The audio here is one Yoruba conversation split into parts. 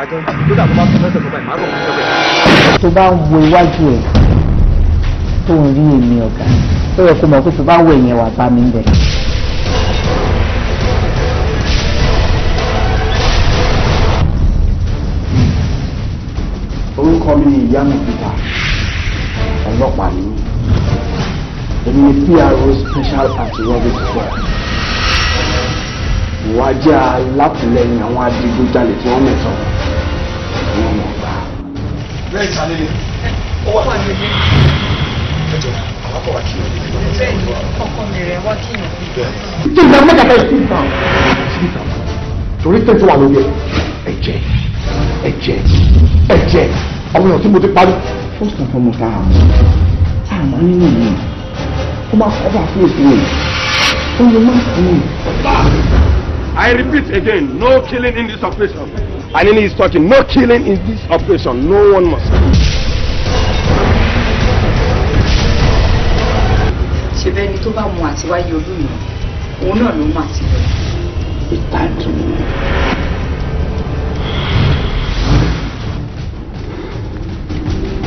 àjọ kódà tó bá fún lọ́sẹ̀ tó báyìí má bọ̀ fún lọ́sẹ̀. tó bá ń wo iwájú ẹ tó ń rí èmi ọ̀gá ó yẹ kó mọ̀ pé tó bá wọ ìyẹn wà bá mi ń bẹ̀. orúkọ mi ni ìyá mi peter ọlọ́pàá ni mí èmi ni pro special anti-robbery squad ìwádìí alátìlẹyìn àwọn adigunjalè tí wọ́n mẹ̀tọ́ wọn mọ̀ gbà. bẹ́ẹ̀ ìsàlẹ̀ ni ó wà ní ilé. ẹ jọ àwọn akọ̀wà kí wọn níbi náà. bẹ́ẹ̀ ni ọkọ mi rẹ̀ wá kí wọn. ìjọba mẹ́ta bẹ́ẹ̀ sí ìtàn sí ìtàn torí tẹ̀sí wà lórí ẹ̀ ẹ̀jẹ̀ ẹ̀jẹ̀ ẹ̀jẹ̀ àwọn èèyàn tí mo ti parí. first and foremost àmọ́ àmọ́ nínú mi ó máa kọ́ bá fún ètò yìí ó lè má fún mi. I repeat again, no killing in this operation. Anini is talking. No killing in this operation. No one must kill. ṣebẹ́ ni tó bá mu àti wáyé olúmi òun náà ló mu àti lọ. ìtàdùn.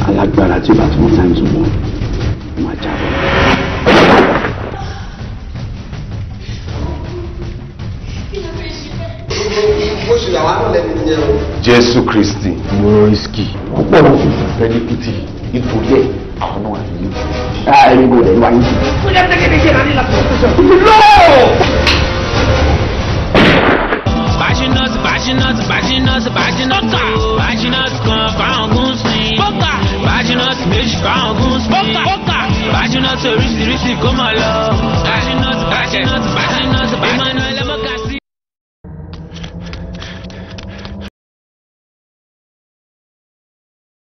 alágbára tí bàtí wọn wọn wọn á lẹ́nu jẹ́ o. jésù kristi ló rísíkì púpọ̀ ló fi fẹ́ ní pété nítorí ẹ̀ àwọn náà ní ìlú. aa ẹni bò lẹ́nu wáyé. kúlẹ̀ tẹ́gẹ́dẹ́ ṣe láti lọ sọ̀rọ̀ lọ́wọ́. bájínọ́sì bájínọ́sì bájínọ́sì bájínọ́sì bájínọ́sì kan fáwọn gún sí i. bájínọ́sì méjì fáwọn gún sí i. bájínọ́sì